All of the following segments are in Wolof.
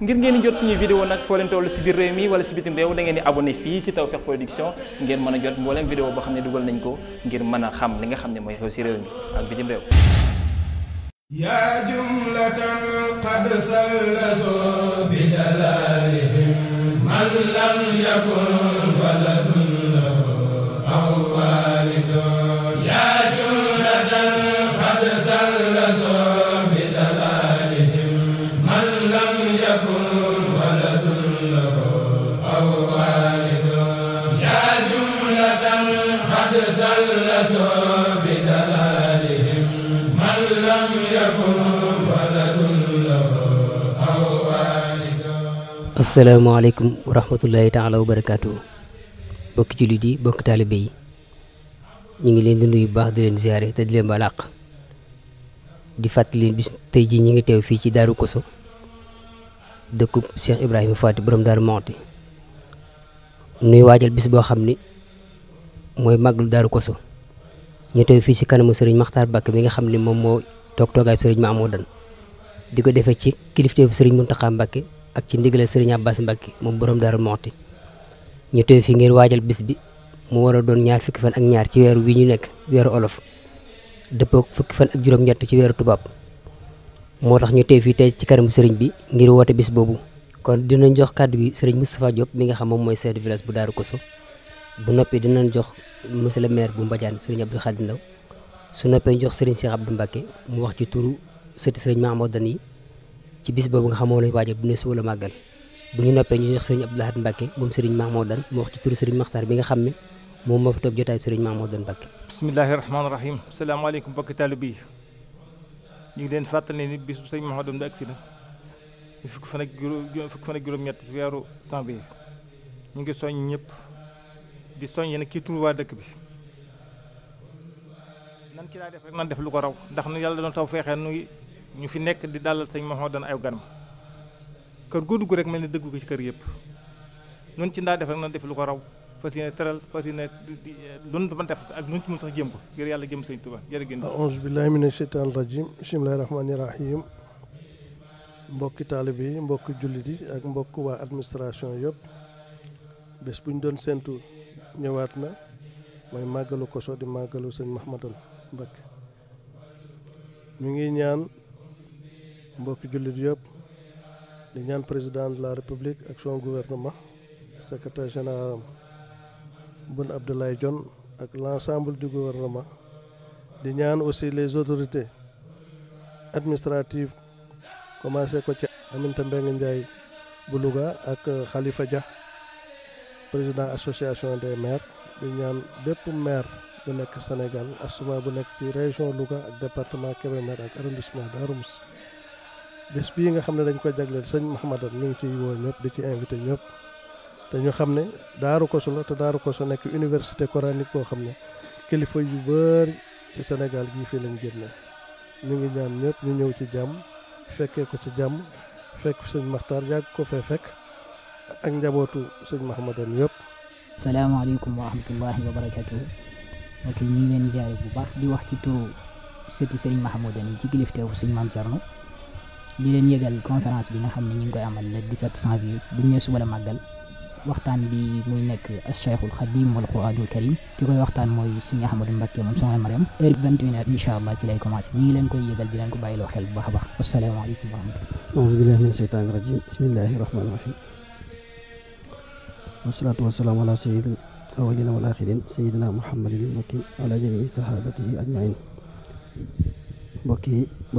ngir ngeen di jot suñuy vidéo nag foo leen toll si biir réew mi wala si bitim réew da di abonné fii si Tawfekh Production ngeen mën a jot mbooleem vidéo boo xam ne dugal nañ ko ngir mën a xam li nga xam ne mooy xew si réew mi ak bitim réew yaa jumlatan qad sallaso bi dalalihim man lam yakun asalaamaaleykum wa rahmatullahi taala wa barakaatu bokki jullit yi bokki taalibe yi ñu ngi leen di nuyu bu baax di leen ziare te di leen ba balaq di fàttali leen bis tey jii ñu ngi teew fii ci Daaru Koso dëkku Cheikh Ibrahima Faty borom Daaru Muxti nuy waajal bis boo xam ni mooy mag Daaru Koso ñu teew fii ci kanamu sëriñ Maxtaar Mbàkke bi nga xam ni moom moo toog toogaay sëriñ Maamoodan di ko defee ci kilifteefu sëriñ Muntaxa Mbàkke ak ci ndigale sëriñ Abbas Mbacke moom borom Darou Mouhty ñu teew fi ngir waajal bis bi mu war doon ñaar fukki fan ak ñaar ci weeru wi ñu nekk weeru olof dëppoo fukki fan ak juróom-ñett ci weeru tubaab moo tax ñu teew fii tey ci kanamu sëriñ bi ngir woote bis boobu. kon dinañ jox kàddu gi sëriñ Moustapha Diop mi nga xam moom mooy chef de village bu Darou Kosso bu noppee dinañ jox monsieur le maire bu Mbadiane sëriñ Abdou Khadim Ndaw su noppee jox sëriñ Cheikh Abdou Mbacke mu wax ci turu sëti sëriñ Mamadou Dani ci bis boobu nga xam moom lañu bu ne suba la màggal bu ñu noppee ñu jox sëriñ Abdou Lahad Mbacke moom sëriñ Mahmoudan mu wax ci turu bi nga xam ne moom moo fi toog jotaay sëriñ Mahmoudan Mbacke bismillahi rahmaani rahim salaamaaleykum mbokki taalibe yi ñu ngi leen fàttali ni bis bu sëriñ Mahmoudan da agsi na fukk fan ak juróom fukk fan ak juróom-ñett ci weeru janvier ñu ngi soñ ñëpp di soñ yéen kii turu dëkk bi nan ki daa def lu ko raw ndax nu yàlla doon taw feexee nuy ñu fi nekk di dalal sëñ Mahmoudane ay ganam kër goo dugg rek mel ni dëggu ko ci kër yëpp nun ci ndaa def rek nan def lu ko raw fas yéene teral fas yéene lun man def ak nun ci mun sax jéem ko ngir yàlla jëm sëñ Tuubaa jërë génn aouzu billahi mina sheytaani rajim bismillahi rahmaani rahim mbokki taalibe yi mbokki jullit yi ak mbokk waa administration yëpp bés bu ñu doon séntu ñëwaat na mooy màggalu Koso di màggalu sëñ Mahmoudane Mbacké ñu ngi ñaan mbokki jullit yëpp di ñaan président de la république ak son secretaire secrétaire général Boun Abdallah Dionne ak l'ensemble du gouvernement di ñaan aussi les autorités administratives commencé ko ci Aminata Mbengue Ndiaye bu Louga ak Khalifa Dia président association des maire di ñaan bépp maire bu nekk Sénégal ak suma bu nekk ci région Louga ak département Kébémer ak arrondissement Darou bis bii nga xam ne dañ ko jagleel sëñ Mouhamadane ñu ngi ciy woo ñëpp di ci invité ñëpp te ñu xam ne Daaru Kosso la te Daaru Kosso nekk université coranique koo xam ne kilifa yu bëri ci senegal gii fii lañ génnee ñu ngi ñaan ñëpp ñu ñëw ci jàmm fekkee ko ci jàmm fekk sëñ Maxtaar yàgg ko fee fekk ak njabootu sëñ Mouhamadane yëpp. salaamaaleykum wa rahmatullahi wa barakaatu. ok ñu ngi leen ziare bu baax di wax ci turu sëti sëñ Mouhamadane yi ci kilifteefu sëñ Maam Thierno. di leen yëgal bi nga xam ne ñu ngi koy amal le 17 janvier bu ñu nee suba la màggal waxtaan bi muy nekk Cheikhul Khadim wal Qur'anul Karim ki koy waxtaan mooy Serigne Ahmadou Mbacké moom soxna Mariam heure bi vingt et une heures incha allah ci lay commencé ñi ngi leen koy yëgal di leen ko bàyyiloo xel bu baax a baax asalaamaaleykum wa rahmatulah aouzu billahi min sheytaani rajim bismillahi rahmaani rahim wasalaatu wasalaamu ala sayyidil awwalina wal axirin sayyidina muhammadin mbokki ala jamii sahabatihi ajmain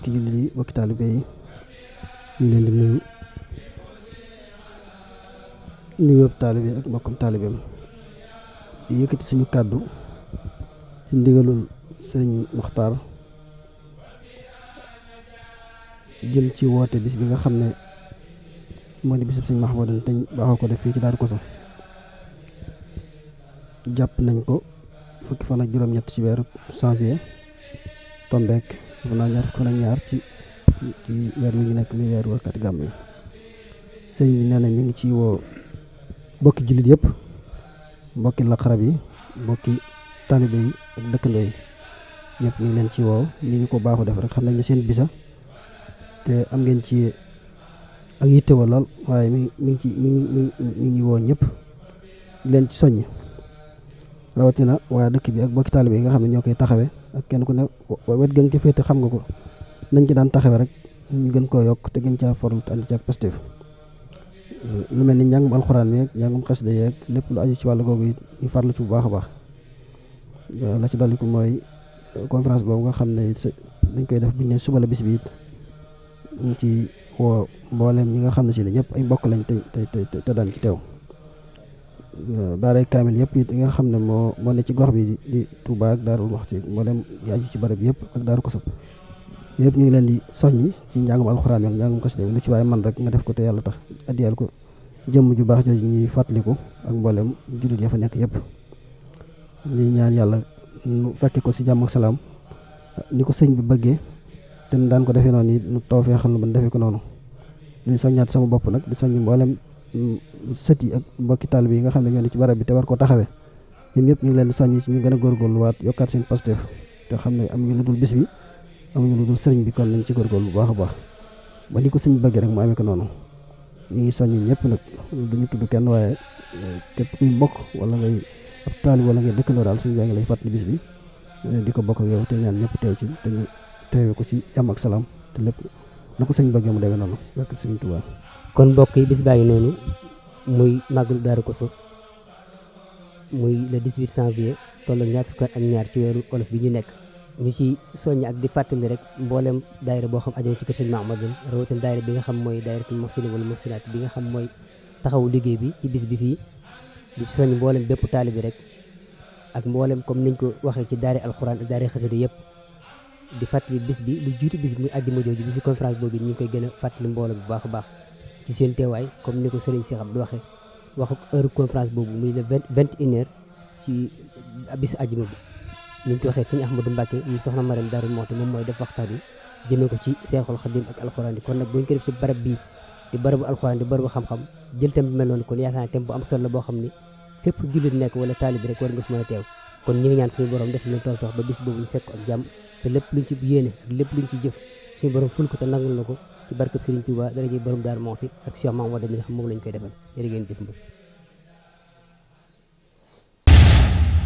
mbokki ñu leen di nuyu nuyoob taalibe ak mbokkum taalibeem yëkkati suñu kàddu ci ndigalul sëriñ Muxtaar jëm ci woote bis bi nga xam ne moo di bisub sëriñ Mahmoudan te baaxoo ko def fii ci Daaru Koso jàpp nañ ko fukki fan ak juróom-ñett ci weeru janvier tombeek dafa naa ñaar fukki fan ñaar ci nekk ci weer mi ñu nekk muy weeru wërkat gàmm yi sëñ bi nee na mi ngi ci woo mbokki jullit yëpp mbokki laqarab yi mbokki talibe yi ak dëkkandoo yi ñëpp ñu ngi leen ci woo ni ñu ko baaxu def rek xam nañ ne seen bisa te am ngeen ci ak yittewoo lool waaye mi mi ngi ci mi ngi mi ngi woo ñëpp leen ci soññ rawatina waa dëkk bi ak mbokki talibe yi nga xam ne ñoo koy taxawee ak kenn ku ne wet ga nga ci féete xam nga ko nañ ci daan taxawee rek ñu gën koo yokk te gën caa form te ànd ci ak positif lu mel ni njàngum alxuraan yeeg njàngum xasida yeeg lépp lu aju ci wàllu googu it ñu farlu ci bu baax a baax la ci dolliku mooy euh, conférence boobu nga xam ne dañ koy def bu ne suba la bis bi it ñu ci woo ñi nga xam ne si ne ñëpp ay mbokk lañ te te te daan ci teew euh, daaray kaamil yëpp it nga xam ne moo moo ne ci gox bi di Touba ak daarul waxti mbooleem yaaju ci barab yëpp ak daaru kosub yëpp ñu ngi leen di soññ ci njàngum alxuraan yi njàngum xasida lu ci waaye man rek nga def ko te yàlla tax addiyal ko jëmm ju baax jooju ñuy fàttaliku ak mboolem jullit ya fa nekk yëpp ñuy ñaan yàlla nu fekke ko si jàmm salaam ni ko sëñ bi bëggee te daan ko defee noonu nu toofeexal nu ban defee ko noonu ñuy soññaat sama bopp nag di soññ mboolem sët yi ak mbokki taalibe yi nga xam ne ñoo ne ci barab bi te war koo taxawee ñoom ñëpp ñu ngi leen di soññ ci ñu gën a góorgóorluwaat yokkaat seen positif te xam ne am ñu lu dul bis bi amuñu lu dul sëriñ bi kon nañ ci góorgóorlu bu baax a baax ba li ko suñ bëgg rek mu amee ko noonu ñu ngi soññ ñëpp nag du ñu tudd kenn waaye eh, képp kuy mbokk wala ngay ab taalib wala ngay dëkkandoo daal suñu baa ngi lay fàttali bis eh, di ko bokk ak yow te ñaan ñëpp teew ci te ñu teewe ko ci jàmm ak salaam te lépp na ko sëñ bëggee mu demee noonu rek sëriñ Tuubaa kon mbokk yi bis baa ngi noonu muy màggalu Daaru Kosso muy le 18 janvier tollu ñaar fukk ak ñaar ci weeru olof bi ñu nekk ñu ci soññ ak di fàttali rek mboolem daayira boo xam aju ci kër sëñ Mahmadou rawatina daayira bi nga xam mooy daayiratul muhsinin wal muhsinat bi nga xam mooy taxawu liggéey bi ci bis bi fii di ci soññ mboolem bépp taali bi rek ak mboolem comme niñ ko waxee ci daari alxuraan ak daari xasida yëpp di fàttali bis bi lu jiitu bis bi muy àjjuma jooju bi si conférence boobu ñu ngi koy gën fàttali mboolem bu baax baax ci seen teewaay comme ni ko sëriñ si xam di waxee wax ak heure conférence boobu muy le vingt vingt une ci bis àjjuma bi ni ñu ko waxee sëñ Ahmadou Mbacke ñu soxna Mariam Darou Mouhty moom mooy def waxtaan yi jëmee ko ci seexul xadim ak alxuraan yi kon nag bu ñu ko def ci barab bi di barabu alxuraan barabu xam-xam jël thème bu mel noonu kon yaakaar naa thème bu am solo la boo xam ni fépp jullit nekk wala taalibi rek war nga fi mën a teew kon ñu suñu borom def ñu toog ba bis boobu ñu fekk ak jàmm te lépp luñ ci yéene ak lépp luñ ci jëf suñu borom ful ko te na ko ci barkab Serigne moom lañ koy defal ngeen